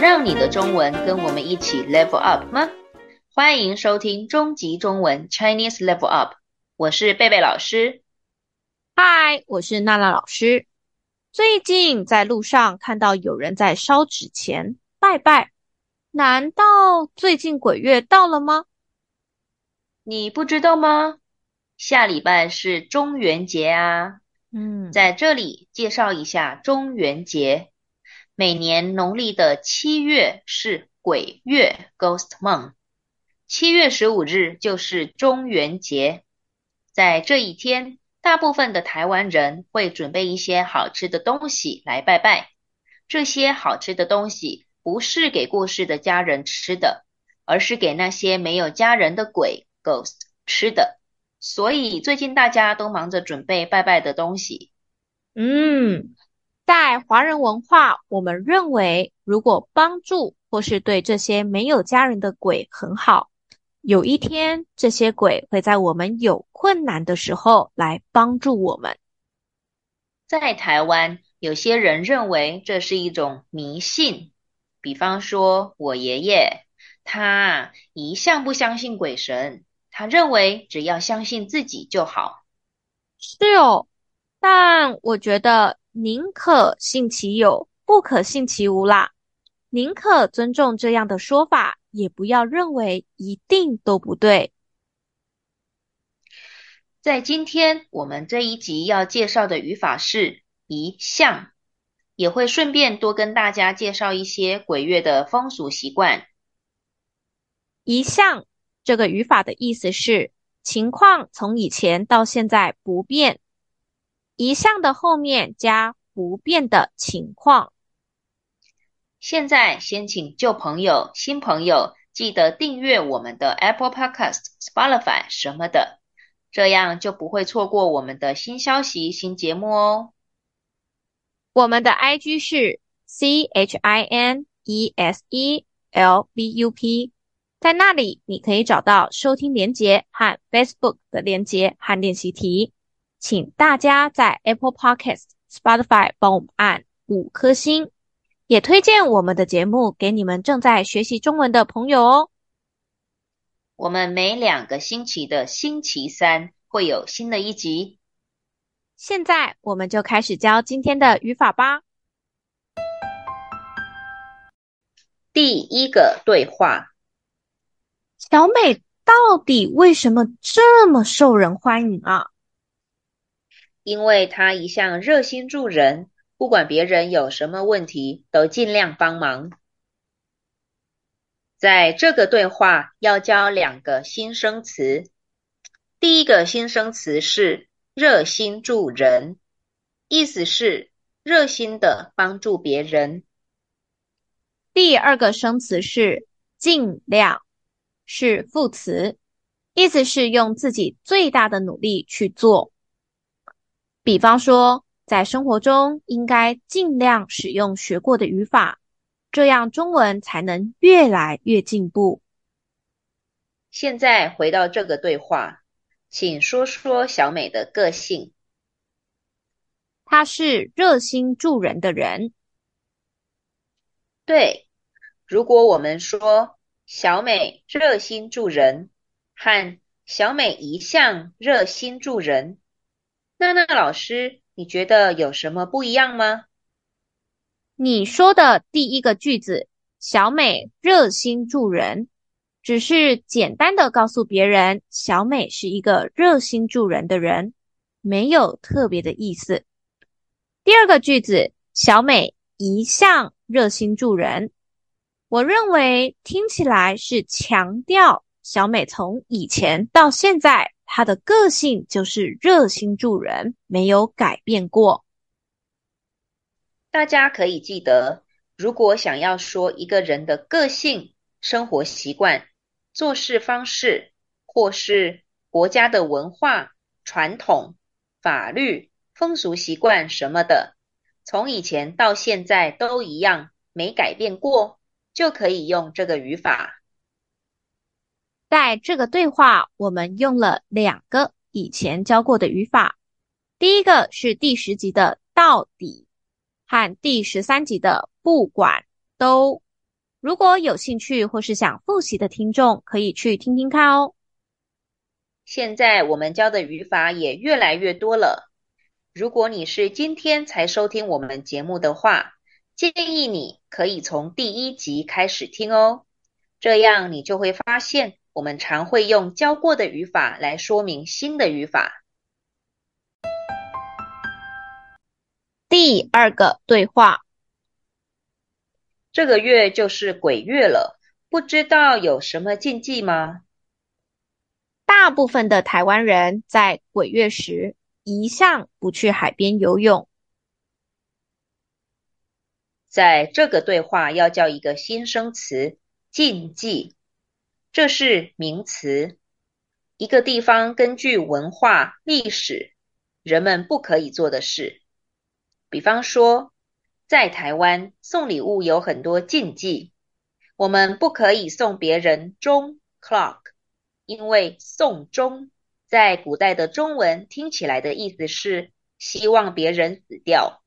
讓你的中文跟我們一起 level up 嗎？歡迎收聽終極中文 Chinese Level Up，我是貝貝老師。嗨，我是娜娜老師。最近在路上看到有人在燒紙錢拜拜，難道最近鬼月到了嗎？你不知道嗎？下禮拜是中元節啊。嗯，在這裡介紹一下中元節。每年農曆的七月是鬼月 （Ghost m o 七月十五日就是中元節。在這一天，大部分的台灣人會準備一些好吃的東西來拜拜。這些好吃的東西不是給過世的家人吃的，而是給那些沒有家人的鬼 （Ghost） 吃的。所以最近大家都忙着準備拜拜的東西。嗯。在華人文化，我們認為，如果幫助或是對這些沒有家人的鬼很好，有一天這些鬼會在我們有困難的時候來幫助我們。在台灣，有些人認為這是一種迷信，比方說我爺爺，他一向不相信鬼神，他認為只要相信自己就好。是哦，但我覺得。寧可信其有，不可信其無啦。寧可尊重這樣的說法，也不要認為一定都不對。在今天我們這一集要介紹的語法是一向，也會順便多跟大家介紹一些鬼月的風俗習慣。一向這個語法的意思是，情況從以前到現在不變。一向的後面加不變的情況。現在先請舊朋友、新朋友記得訂閱我們的 Apple Podcast、Spotify 什麼的，這樣就不會錯過我們的新消息、新節目哦。我們的 IG 是 C H I N E S E L V U P，在那裡你可以找到收聽連接和 Facebook 的連接和練習題。請大家在 Apple Podcast、Spotify 幫我們按五顆星，也推薦我們的節目給你們正在學習中文的朋友哦。我們每兩個星期的星期三會有新的一集。現在我們就開始教今天的語法吧。第一個對話：小美到底為什麼這麼受人歡迎啊？因為他一向熱心助人，不管別人有什麼問題，都盡量幫忙。在這個對話要教兩個新生詞，第一個新生詞是“熱心助人”，意思是熱心地幫助別人。第二個生詞是“盡量”，是副詞，意思是用自己最大的努力去做。比方說，在生活中應該盡量使用學過的語法，這樣中文才能越來越進步。現在回到這個對話，請說說小美的個性。她是熱心助人的人。對，如果我們說小美熱心助人，和小美一向熱心助人。娜娜老師，你覺得有什麼不一樣嗎？你說的第一個句子“小美熱心助人”，只是簡單的告訴別人小美是一個熱心助人的人，沒有特別的意思。第二個句子“小美一向熱心助人”，我認為聽起來是強調小美從以前到現在，他的個性就是熱心助人，沒有改變過。大家可以記得，如果想要說一個人的個性、生活習慣、做事方式，或是國家的文化、傳統、法律、風俗習慣什麼的，從以前到現在都一樣，沒改變過，就可以用這個語法。在這個對話，我們用了兩個以前教過的語法，第一個是第十集的到底，和第十三集的不管都。如果有興趣或是想複習的聽眾，可以去聽聽看哦。現在我們教的語法也越來越多了。如果你是今天才收聽我們節目的話，建議你可以從第一集開始聽哦，這樣你就會發現。我們常會用教過的語法來說明新的語法。第二個對話：這個月就是鬼月了，不知道有什麼禁忌嗎？大部分的台灣人在鬼月時一向不去海邊游泳。在這個對話要教一個新生詞：禁忌。這是名詞，一個地方根據文化、歷史，人們不可以做的事。比方說，在台灣送禮物有很多禁忌，我們不可以送別人鐘 （clock），因為送鐘在古代的中文聽起來的意思是希望別人死掉。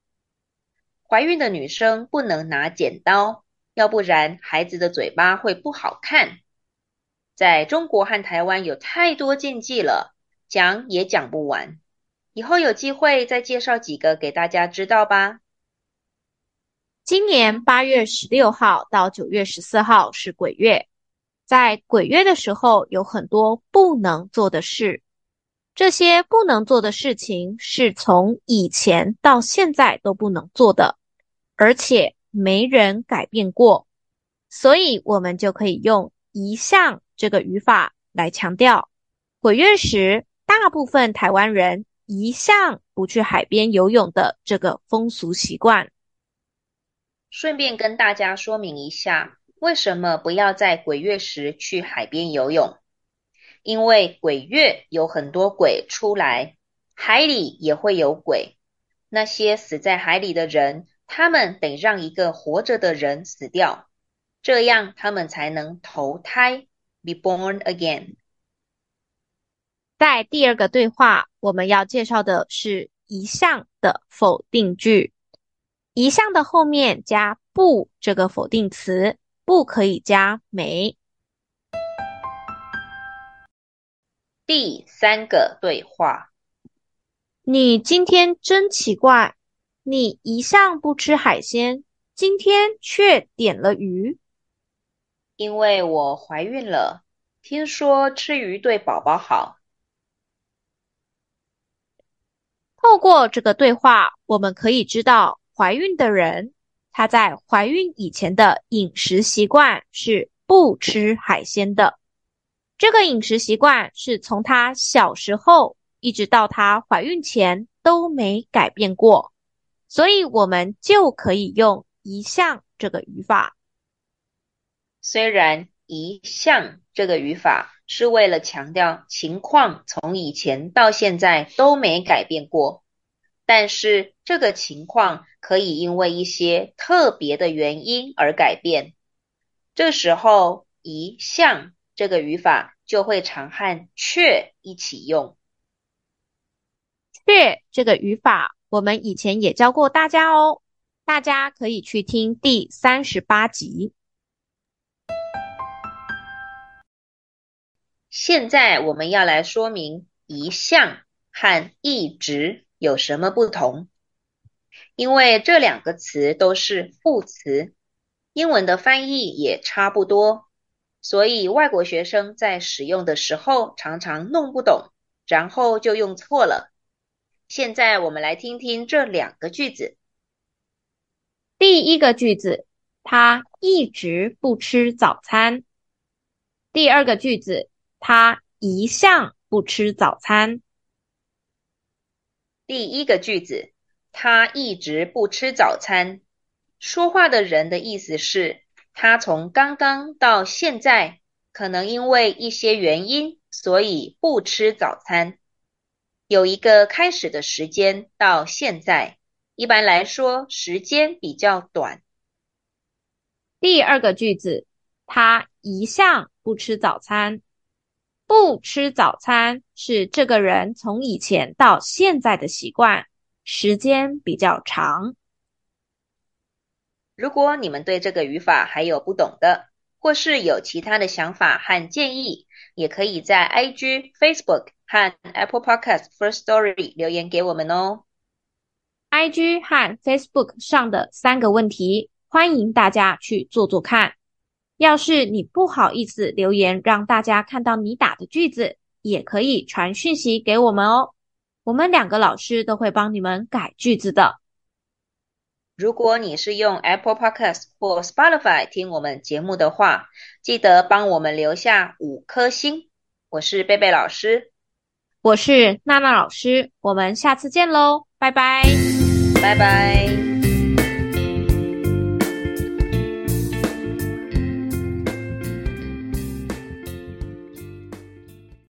懷孕的女生不能拿剪刀，要不然孩子的嘴巴會不好看。在中國和台灣有太多禁忌了，講也講不完。以後有機會再介紹幾個給大家知道吧。今年八月十六號到九月十四號是鬼月，在鬼月的時候有很多不能做的事。這些不能做的事情是從以前到現在都不能做的，而且沒人改變過，所以我們就可以用一向，這個語法來強調鬼月時，大部分台灣人一向不去海邊游泳的這個風俗習慣。順便跟大家說明一下，為什麼不要在鬼月時去海邊游泳？因為鬼月有很多鬼出來，海裡也會有鬼。那些死在海裡的人，他們得讓一個活着的人死掉，這樣他們才能投胎。Be born again。在第二個對話，我們要介紹的是一向的否定句，一向的後面加不這個否定詞，不可以加沒。第三個對話，你今天真奇怪，你一向不吃海鮮，今天卻點了魚。因為我懷孕了，聽說吃魚對寶寶好。透過這個對話，我們可以知道，懷孕的人她在懷孕以前的飲食習慣是不吃海鮮的。這個飲食習慣是從她小時候一直到她懷孕前都沒改變過，所以我們就可以用一向這個語法。雖然一向這個語法是為了強調情況從以前到現在都沒改變過，但是這個情況可以因為一些特別的原因而改變，這時候一向這個語法就會常和卻一起用。卻這個語法我們以前也教過大家哦，大家可以去聽第三十八集。現在我們要來說明“一向”和“一直”有什麼不同，因為這兩個詞都是副詞，英文的翻譯也差不多，所以外國學生在使用的時候常常弄不懂，然後就用錯了。現在我們來聽聽這兩個句子。第一個句子，他一直不吃早餐。第二個句子，他一向不吃早餐。第一個句子，他一直不吃早餐。說話的人的意思是他從剛剛到現在，可能因為一些原因，所以不吃早餐。有一個開始的時間到現在，一般來說時間比較短。第二個句子，他一向不吃早餐。不吃早餐是這個人從以前到現在的習慣，時間比較長。如果你們對這個語法還有不懂的，或是有其他的想法和建議，也可以在 IG、Facebook 和 Apple Podcast Firstory 裡留言給我們哦。IG 和 Facebook 上的三個問題，歡迎大家去做做看。要是你不好意思留言讓大家看到你打的句子，也可以傳訊息給我們哦。我們兩個老師都會幫你們改句子的。如果你是用 Apple Podcast 或 Spotify 聽我們節目的話，記得幫我們留下五顆星。我是貝貝老師，我是娜娜老師，我們下次見嘍，拜拜，拜拜。